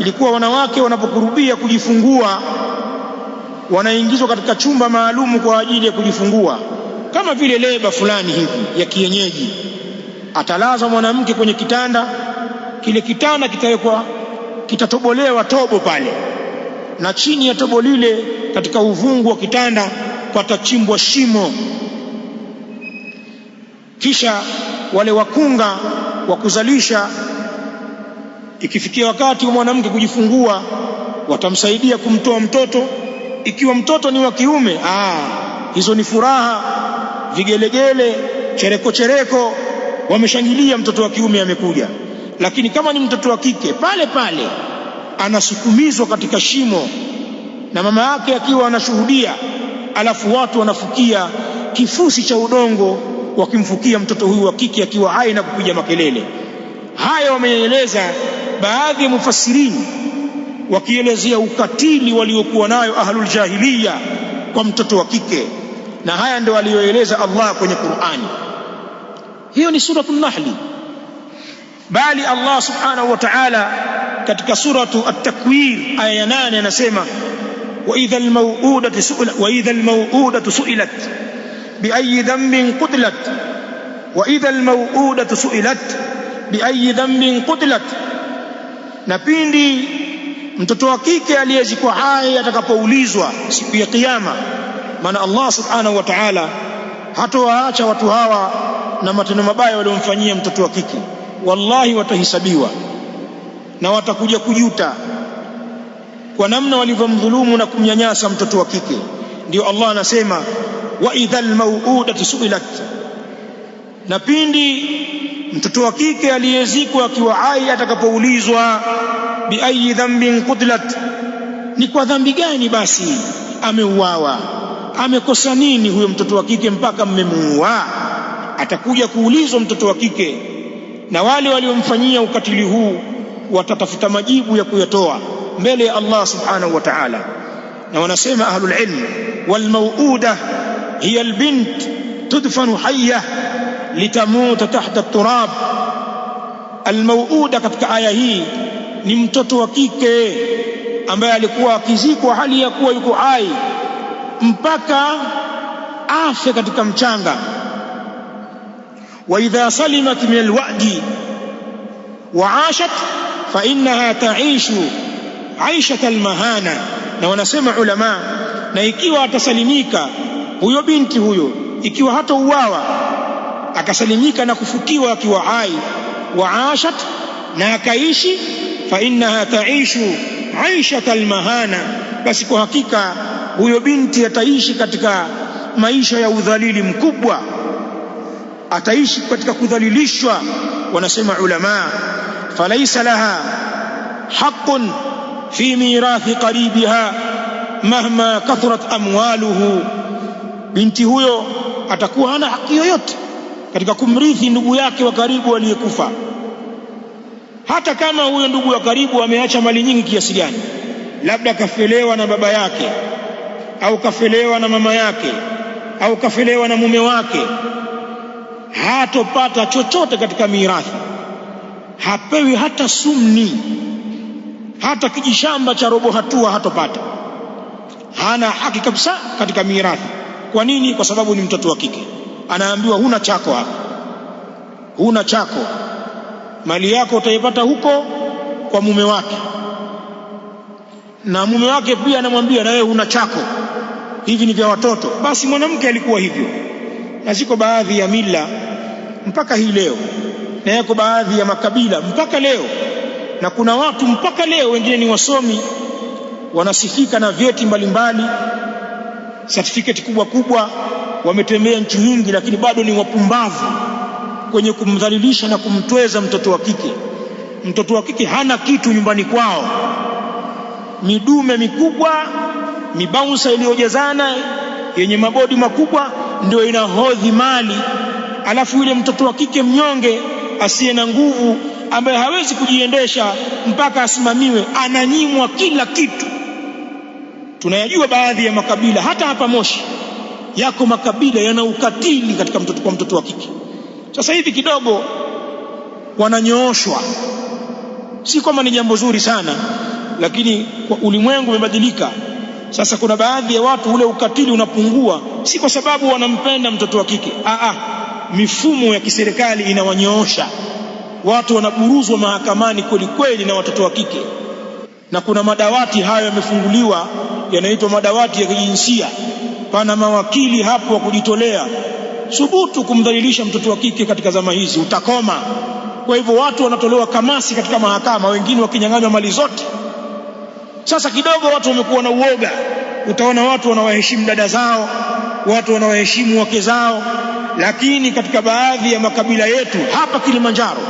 ilikuwa wanawake wanapokurubia kujifungua wanaingizwa katika chumba maalumu kwa ajili ya kujifungua, kama vile leba fulani hivi ya kienyeji. Atalaza mwanamke kwenye kitanda kile, kitanda kitawekwa, kitatobolewa tobo pale, na chini ya tobo lile, katika uvungu wa kitanda patachimbwa shimo, kisha wale wakunga wa kuzalisha Ikifikia wakati wa mwanamke kujifungua, watamsaidia kumtoa mtoto. Ikiwa mtoto ni wa kiume, ah, hizo ni furaha, vigelegele, chereko chereko, wameshangilia mtoto wa kiume amekuja. Lakini kama ni mtoto wa kike, pale pale anasukumizwa katika shimo na mama yake akiwa anashuhudia, alafu watu wanafukia kifusi cha udongo wakimfukia mtoto huyu wa kike akiwa hai na kupiga makelele. Haya wameeleza baadhi ya mufassirini wakielezea ukatili waliokuwa nayo ahlul jahiliya kwa mtoto wa kike, na haya ndio aliyoeleza Allah kwenye Qur'ani. Hiyo ni suratu Nahli, bali Allah subhanahu wa ta'ala katika Suratu At-Takwir aya ya 8 anasema waidha almauudatu suilat biayi dhanbin qutilat, waidha almauudatu suilat biayi dhanbin qutilat na pindi mtoto wa kike aliyezikwa hai atakapoulizwa siku ya Kiyama, maana Allah subhanahu wa ta'ala hatowaacha watu hawa na matendo mabaya waliomfanyia mtoto wa kike. Wallahi watahisabiwa na watakuja kujuta kwa namna walivyomdhulumu na kumnyanyasa mtoto wa kike. Ndio Allah anasema wa idhal mauudatu suilat, na pindi mtoto wa kike aliyezikwa akiwa hai atakapoulizwa biayi dhanbin qutilat, ni kwa dhambi gani basi ameuawa? Amekosa nini huyo mtoto wa kike mpaka mmemuua? Atakuja kuulizwa mtoto wa kike, na wale waliomfanyia ukatili huu watatafuta majibu ya kuyatoa mbele ya Allah subhanahu wa ta'ala. Na wanasema ahlul ilm, wal hiya albint tudfanu hayya litamuta tahta turab. Almauuda katika aya hii ni mtoto wa kike ambaye alikuwa akizikwa hali ya kuwa yuko hai mpaka afe katika mchanga. Wa idha salimat min alwadi wa ashat fa innaha taishu aishat almahana. Na wanasema ulama, na ikiwa atasalimika huyo binti huyo, ikiwa hatauawa akasalimika na kufukiwa akiwa hai, waashat na akaishi, fa innaha taishu aishata almahana, basi kwa hakika huyo binti ataishi katika maisha ya udhalili mkubwa, ataishi katika kudhalilishwa. Wanasema ulama, falaisa laha haqqun fi mirathi qaribiha mahma kathurat amwaluhu, binti huyo atakuwa hana haki yoyote katika kumrithi ndugu yake wa karibu aliyekufa, hata kama huyo ndugu wa karibu ameacha mali nyingi kiasi gani, labda kafelewa na baba yake au kafelewa na mama yake au kafelewa na mume wake, hatopata chochote katika mirathi, hapewi hata sumni, hata kijishamba cha robo hatua hatopata, hana haki kabisa katika mirathi. Kwa nini? Kwa sababu ni mtoto wa kike anaambiwa huna chako hapa, huna chako. Mali yako utaipata huko kwa mume wake, na mume wake pia anamwambia na wewe huna chako, hivi ni vya watoto. Basi mwanamke alikuwa hivyo, na ziko baadhi ya mila mpaka hii leo, na yako baadhi ya makabila mpaka leo, na kuna watu mpaka leo wengine ni wasomi, wanasifika na vyeti mbalimbali, certificate kubwa kubwa wametembea nchi nyingi, lakini bado ni wapumbavu kwenye kumdhalilisha na kumtweza mtoto wa kike. Mtoto wa kike hana kitu nyumbani kwao, midume mikubwa, mibausa iliyojazana yenye mabodi makubwa ndio inahodhi mali, alafu yule mtoto wa kike mnyonge asiye na nguvu ambaye hawezi kujiendesha mpaka asimamiwe, ananyimwa kila kitu. Tunayajua baadhi ya makabila hata hapa Moshi yako makabila yana ukatili katika mtoto, kwa mtoto wa kike. Sasa hivi kidogo wananyooshwa, si kwamba ni jambo zuri sana, lakini kwa ulimwengu umebadilika. Sasa kuna baadhi ya watu ule ukatili unapungua, si kwa sababu wanampenda mtoto wa kike aa, ah, ah, mifumo ya kiserikali inawanyoosha watu, wanaburuzwa mahakamani kweli kweli na watoto wa kike, na kuna madawati hayo yamefunguliwa, yanaitwa madawati ya kijinsia pana mawakili hapo wa kujitolea. subutu kumdhalilisha mtoto wa kike katika zama hizi, utakoma. Kwa hivyo watu wanatolewa kamasi katika mahakama, wengine wakinyang'anywa mali zote. Sasa kidogo watu wamekuwa na uoga, utaona watu wanawaheshimu dada zao, watu wanawaheshimu wake zao, lakini katika baadhi ya makabila yetu hapa Kilimanjaro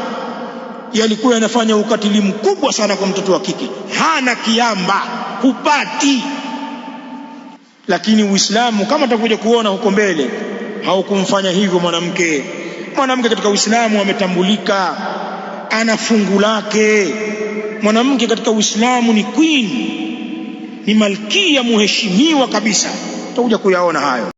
yalikuwa yanafanya ukatili mkubwa sana kwa mtoto wa kike. Hana kiamba, hupati lakini Uislamu kama tutakuja kuona huko mbele, haukumfanya hivyo mwanamke. Mwanamke katika Uislamu ametambulika, ana fungu lake. Mwanamke katika Uislamu ni queen, ni malkia, muheshimiwa kabisa. Tutakuja kuyaona hayo.